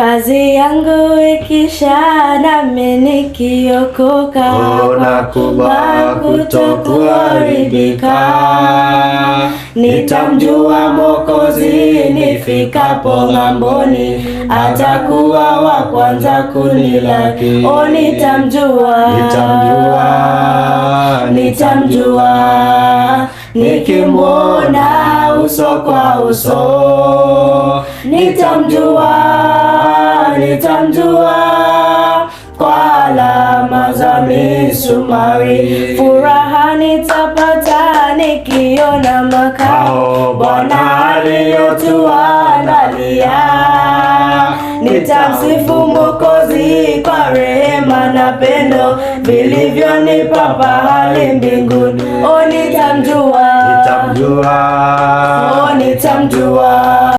Kazi yangu ikisha nami nikiokoka, nakubali kutokuharibika. Nitamjua Mwokozi nifikapo ng'amboni, atakuwa wa kwanza kunilaki. O, nitamjua, nitamjua, nitamjua nikimwona uso kwa uso, nitamjua nitamjua kwa alama za misumari. Furaha nitapata nikiona makao Bwana aliyotuandalia. Nitamsifu Mwokozi kwa rehema na pendo vilivyonipa pahali mbinguni. O, oh, nitamjua, nitamjua, o, oh, nitamjua